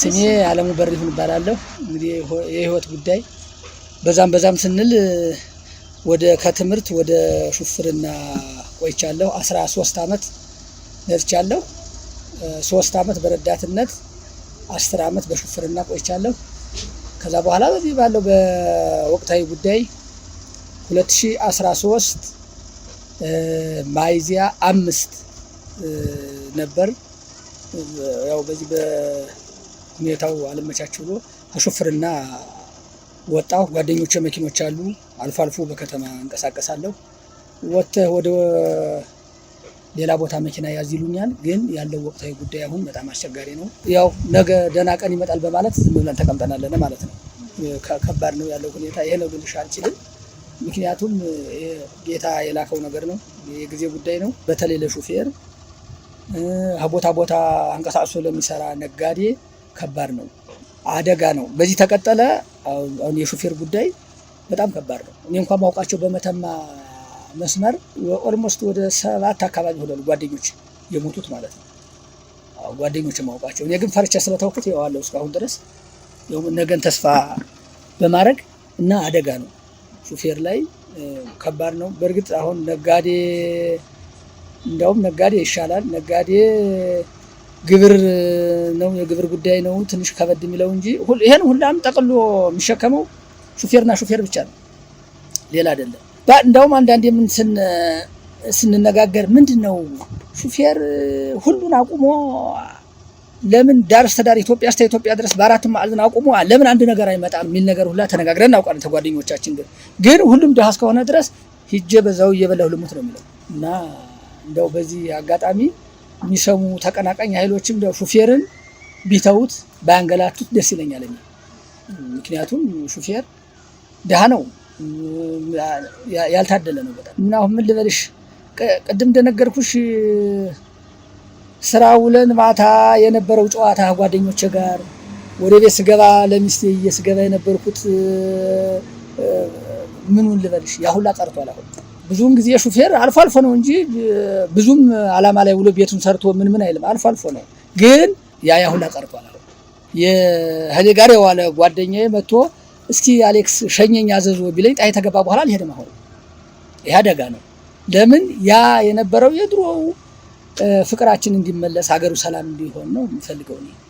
ስሜ አለሙ በሪሁን እባላለሁ። እንግዲህ የህይወት ጉዳይ በዛም በዛም ስንል ወደ ከትምህርት ወደ ሹፍርና ቆይቻለሁ። 13 ዓመት ነርቻለሁ። ሶስት ዓመት በረዳትነት፣ አስር ዓመት በሹፍርና ቆይቻለሁ። ከዛ በኋላ በዚህ ባለው በወቅታዊ ጉዳይ 2013 ማይዚያ አምስት ነበር ያው በዚህ ሁኔታው አልመቻች ብሎ ከሹፍርና ወጣሁ። ጓደኞች መኪኖች አሉ። አልፎ አልፎ በከተማ እንቀሳቀሳለሁ። ወጥተህ ወደ ሌላ ቦታ መኪና ያዝ ይሉኛል። ግን ያለው ወቅታዊ ጉዳይ አሁን በጣም አስቸጋሪ ነው። ያው ነገ ደህና ቀን ይመጣል በማለት ዝም ብለን ተቀምጠናለን ማለት ነው። ከባድ ነው ያለው ሁኔታ። ይሄ ነው ልልሽ አልችልም። ምክንያቱም ጌታ የላከው ነገር ነው፣ የጊዜ ጉዳይ ነው። በተለይ ለሹፌር ቦታ ቦታ አንቀሳቅሶ ለሚሰራ ነጋዴ ከባድ ነው፣ አደጋ ነው። በዚህ ተቀጠለ አሁን የሾፌር ጉዳይ በጣም ከባድ ነው። እኔ እንኳን ማውቃቸው በመተማ መስመር ኦልሞስት ወደ ሰባት አካባቢ ይሆናሉ ጓደኞች የሞቱት ማለት ነው። ጓደኞች ማውቃቸው እኔ ግን ፈርቻ ስለተውኩት የዋለው እስካሁን ድረስ ነገን ተስፋ በማድረግ እና አደጋ ነው ሹፌር ላይ ከባድ ነው። በእርግጥ አሁን ነጋዴ እንዲያውም ነጋዴ ይሻላል። ነጋዴ ግብር ነው፣ የግብር ጉዳይ ነው ትንሽ ከበድ የሚለው እንጂ ይሄን ሁላም ጠቅሎ የሚሸከመው ሹፌርና ሹፌር ብቻ ነው፣ ሌላ አይደለም። እንደውም አንዳንዴ ምን ስንነጋገር ምንድን ነው ሹፌር ሁሉን አቁሞ ለምን ዳር እስከ ዳር ኢትዮጵያ እስከ ኢትዮጵያ ድረስ በአራት ማዕዘን አቁሞ ለምን አንድ ነገር አይመጣም የሚል ነገር ሁላ ተነጋግረን እናውቃለን። ተጓደኞቻችን ግን ግን ሁሉም ድሃ እስከሆነ ድረስ ሂጄ በዛው እየበላሁ ልሙት ነው የሚለው እና እንደው በዚህ አጋጣሚ የሚሰሙ ተቀናቃኝ ኃይሎችም ሹፌርን ቢተውት ባያንገላቱት ደስ ይለኛል። ምክንያቱም ሹፌር ድሀ ነው፣ ያልታደለ ነው በጣም ምን አሁን ምን ልበልሽ፣ ቅድም እንደነገርኩሽ ስራ ውለን ማታ የነበረው ጨዋታ ጓደኞቼ ጋር ወደ ቤት ስገባ ለሚስቴ እየስገባ የነበርኩት ምኑን ልበልሽ ያ ሁላ ቀርቷል። አሁን ብዙውን ጊዜ ሹፌር አልፎ አልፎ ነው እንጂ ብዙም አላማ ላይ ውሎ ቤቱን ሰርቶ ምን ምን አይልም። አልፎ አልፎ ነው ግን ያ ያ ሁላ ቀርቷል። ጋር የዋለ ጓደኛዬ መጥቶ እስኪ አሌክስ ሸኘኝ አዘዞ ቢለኝ ጣይ ተገባ በኋላ አልሄድም። አሁን ይህ አደጋ ነው። ለምን ያ የነበረው የድሮው ፍቅራችን እንዲመለስ ሀገሩ ሰላም እንዲሆን ነው የሚፈልገው እኔ።